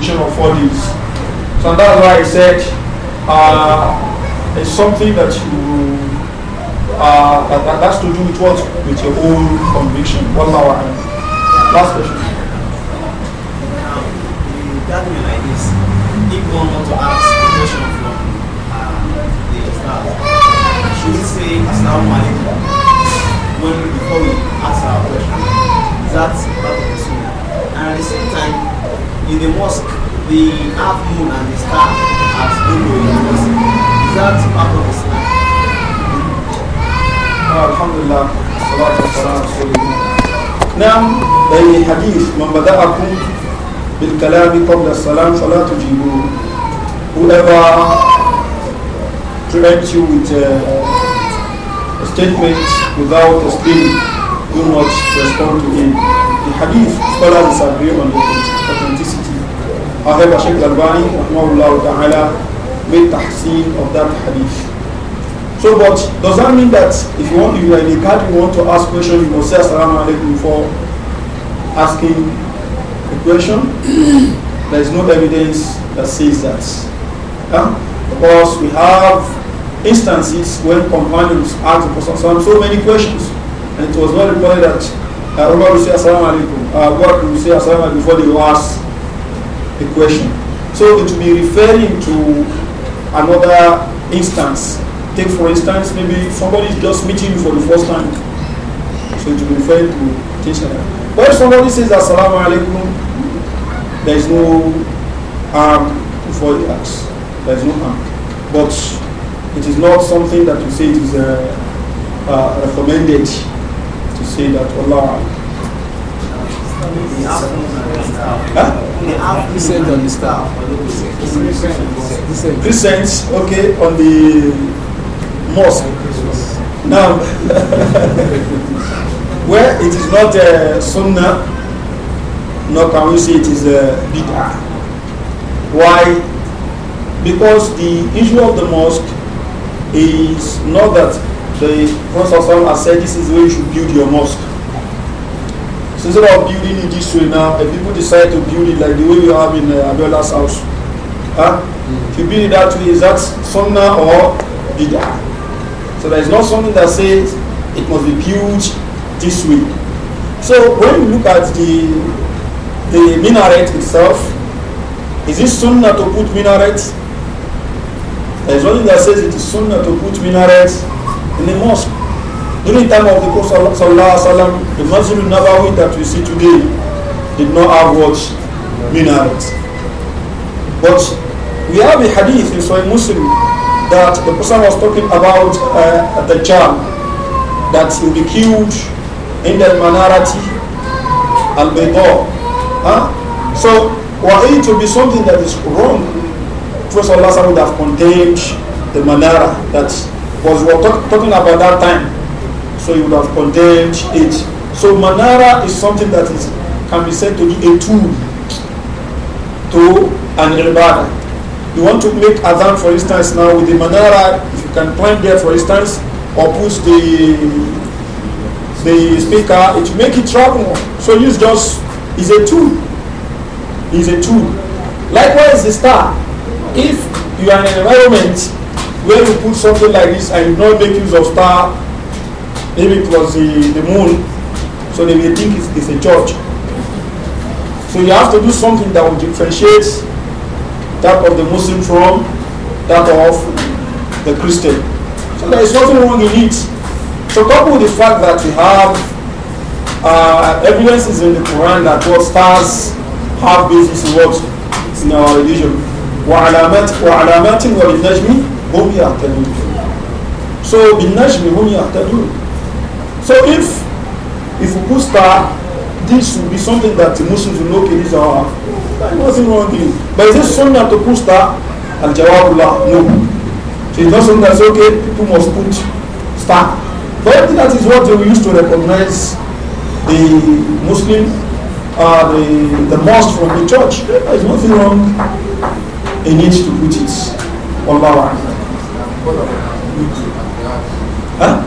completion of all these. So that's why I said uh, it's something that you uh, that, that, that's to do with what with your own conviction. One hour. Last question. Now, in gathering like this, if one want to ask a question from uh, the staff, should we say "Assalamu manager when before we ask our question? Is that in the mosque, the half moon and the star as people in the mosque. Is that part of Islam? Oh, uh, alhamdulillah. Now, the hadith, من بدأكم بالكلام قبل السلام فلا تجيبوا Whoever threats you with a, uh, a statement without a speech, do not respond to him. The hadith scholars disagree on the a Sheikh Al-Bani, rahmahullah ta'ala, made tahseen of that hadith. So, but does that mean that if you want, to you like a card, you want to ask questions, you must say assalamu alaikum before asking a question? there is no evidence that says that. Yeah? Because we have instances when companions asked the Prophet so many questions, and it was not reported that uh, Umar will say assalamu alaikum, uh, God will say assalamu alaikum before they ask the question. So it will be referring to another instance. Take for instance, maybe somebody is just meeting you for the first time. So it will refer to things like But if somebody says Assalamu alaikum, there is no harm before the acts. There is no harm. But it is not something that you say it is uh, uh, recommended to say that Allah. Huh? Descent on the staff. Descent, okay, on the mosque. Now, where it is not a uh, sunnah, nor can we say it is a uh, bid'ah. Why? Because the issue of the mosque is not that the Prophet has said this is where you should build your mosque. So instead of building it this way now, if people decide to build it like the way you have in uh, Abdullah's house, huh? Mm. if you build it that way, is that sunnah or bid'ah? So there is not something that says it must be built this way. So when you look at the the minaret itself, is it sunnah to put minaret? There is nothing that says it is sunnah to put minaret in the mosque. During the time of the Prophet Sallallahu the Masjid Nabawi that we see today did not have what minarets. But we have a hadith in Sahih Muslim that the person was talking about uh, the charm that will be killed in the Manarati al Baydah. Huh? So, were it to be something that is wrong, Prophet would have contained the Manara that was we were talk talking about that time so you would have condemned it. So manara is something that is can be said to be a tool to an ibadah. You want to make adhan, for instance, now with the manara, if you can plant there, for instance, or push the the speaker, it will make it travel. So use just is a tool. Is a tool. Likewise, the star. If you are in an environment where you put something like this and you not make use of star, Maybe it was the, the moon, so they will think it's, it's a church. So you have to do something that will differentiate that of the Muslim from that of the Christian. So there is nothing wrong in it. So coupled with the fact that we have uh, evidences in the Quran that what stars have basis in what in our religion. وعلامات وعلامات وبالنجم هم يهتدون. So بالنجم هم يهتدون. So if if we put star, this will be something that the Muslims will know okay, these are nothing wrong with it. But is this sunnah to put star? Al Jawabullah, no. So it's not something that's okay, people must put star. But that is what they used to recognize the Muslim uh, the, the mosque from the church. There is nothing wrong in it to put it. Allah. Huh?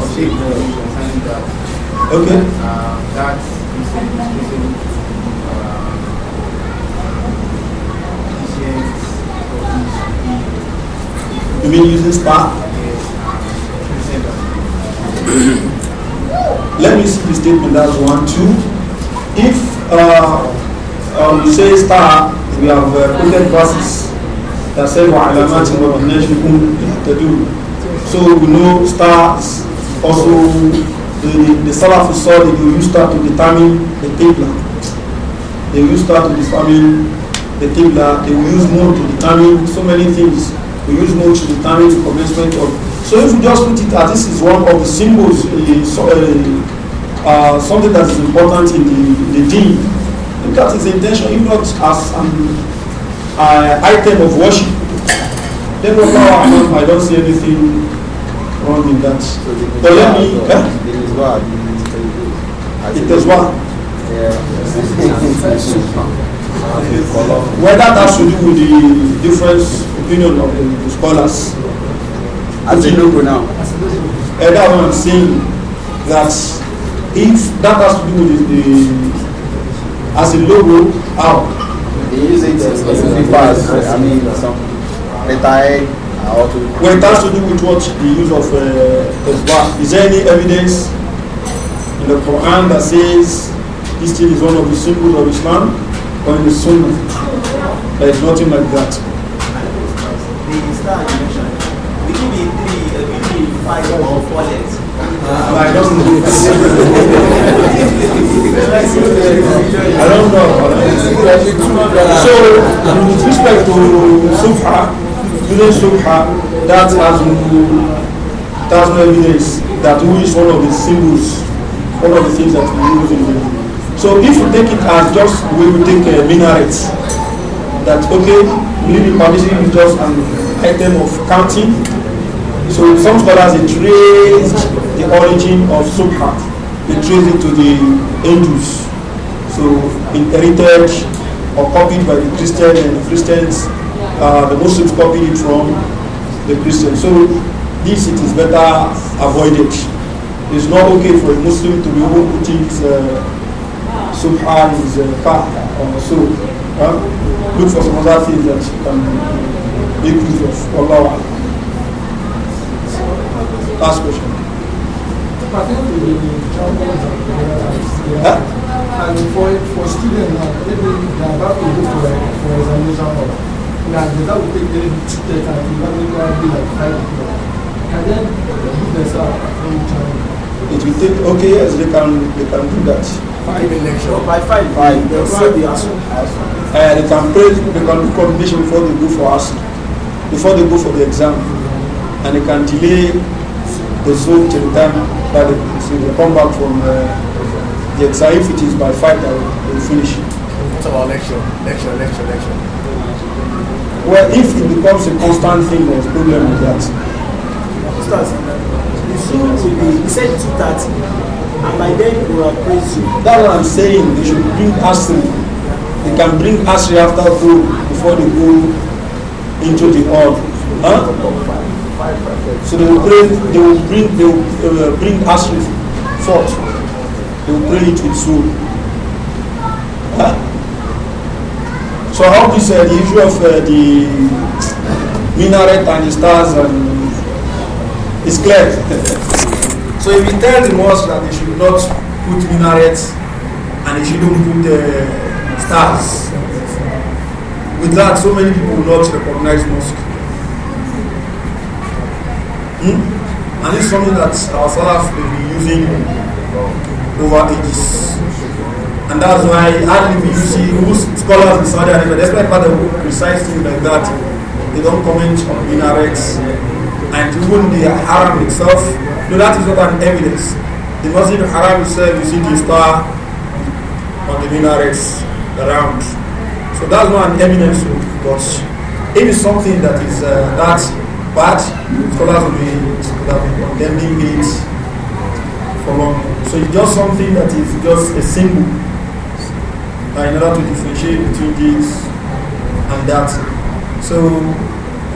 or say no concerning that. Okay. that is a missing uh, You mean using spark? Yes. Let me see the statement. That's one, two. If uh, um, say star, we have uh, quoted verses that say, "Wa alamatin wa bin najmi hum So we know stars also the, the, the Salaf Usali, that to determine the Qibla. They use that to determine the Qibla. They will use moon to determine so many things. We use moon to determine the commencement of. So if you just put it as this is one of the symbols, uh, so, uh, uh, something that is important in the, the deen, look at its intention, if not as an uh, item of worship. Therefore, I don't see anything wrong in that. So but let me. It does what? Whether that should do with the different opinion of the, scholars. As you know now. Everyone saying that if that has to do with the, as a logo, how? They use it as a I mean, some letter When it has to do with what the use of uh, Is there any evidence in the Quran that says this thing is one of the symbols of Islam or in the Sunnah? There is nothing like that. The star you mentioned, will it be three, uh, will it five or four legs? Uh, I don't know. I don't know. So, with respect to Sufra, Today, Subha, that has no, that has no evidence that who is one of the symbols, one of the things that we use in the so if you take it as just we will take a uh, minaret, that okay, maybe permission is just an item of counting. So some scholars they traced the origin of subha, they traced it to the angels. So inherited or copied by the Christians and the Christians uh, the Muslims copied it from the Christians. So this it is better avoided. It's not okay for a Muslim to be able to putting uh, Subhan is uh, or so. Uh, look for some other things that you can make use of. Allah. Last question. And for, for students, uh, maybe they are about to go for, for examination now, without taking any ticket, I will only go and be like 5 o'clock. Can they do this out from China? It will take, okay, yes, they can, they can do that. Five election. Oh, by five, five. They'll say the answer. And uh, they can pray, they can do combination before they go for us, before they go for the exam. And they can delay the zone till the time that they, so they come back from uh, the exam. If it is by five, they will finish. What about lecture? Lecture, lecture, lecture. Well, if it becomes a constant thing, there's a problem with that. The soon will be, he to that, and by then we will praise you. That's what I'm saying. They should bring Asri. They can bring Asri after food before they go into the hall. Huh? So they will pray, they will bring, they will uh, bring Asri forth. They will pray it with soul. Huh? So how this uh, the issue of uh, the minaret and the stars and is clear. so if you tell the mosque that they should not put minarets and they shouldn't put uh, stars, with that so many people will not recognize mosque. Hmm? And it's something that our Salaf will be using over ages. And that's why hardly you see most scholars in Saudi Arabia, despite the father precise things like that, they don't comment on minarets and even the haram itself. No, that is not an evidence. The Masjid Haram itself, you see the star on the minarets around. So that's not an evidence, but it is something that is uh, that bad. Scholars will be, condemning it for long. So it's just something that is just a symbol uh, in order to differentiate between this and that. So,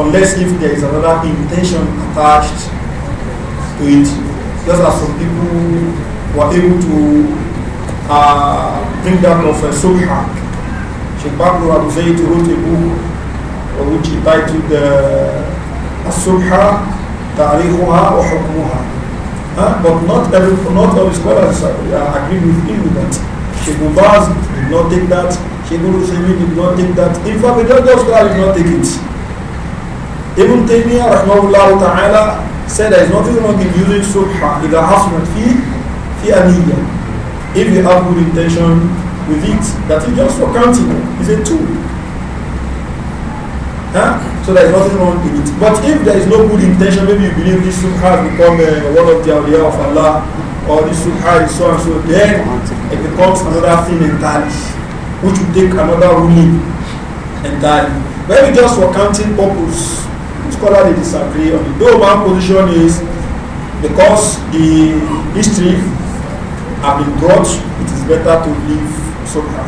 unless if there is another intention attached to it, just as some people were able to uh, bring that of uh, Subha. Sheikh Bakr Abu Zayd wrote a book which he titled uh, Subha Tarihuha or Hukmuha. Huh? But not every, not all scholars uh, agree with him that. Sheikh Mubaz did not take that. Sheikh Uthaymin did not take that. In fact, majority of scholars did not take it. Ibn Taymiyyah rahmahullah ta'ala said there is nothing wrong in using subha إذا not fi fi أنية if you have good intention with it that is just for counting is a tool huh? so there is nothing wrong in it but if there is no good intention maybe you believe this subha has become uh, one of the awliya of Allah or the will carry so and so, then it becomes another thing entirely, which will take another ruling entirely. Maybe just for counting purpose, scholars disagree on the Though my position is because the history have been brought, it is better to leave Sukha.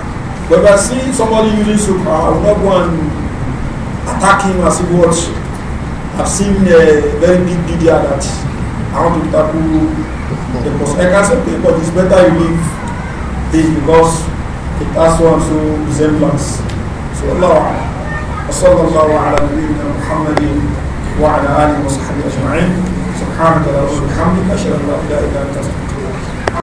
But if I see somebody using Sukha, I will not go and attack him as he what I've seen a uh, very big video that I want to tackle The Cosmeca said, but it's better you leave this because it has one so resemblance. So Allah وصلى الله على نبينا محمد وعلى اله وصحبه اجمعين سبحانك اللهم وبحمدك اشهد ان لا اله الا انت استغفرك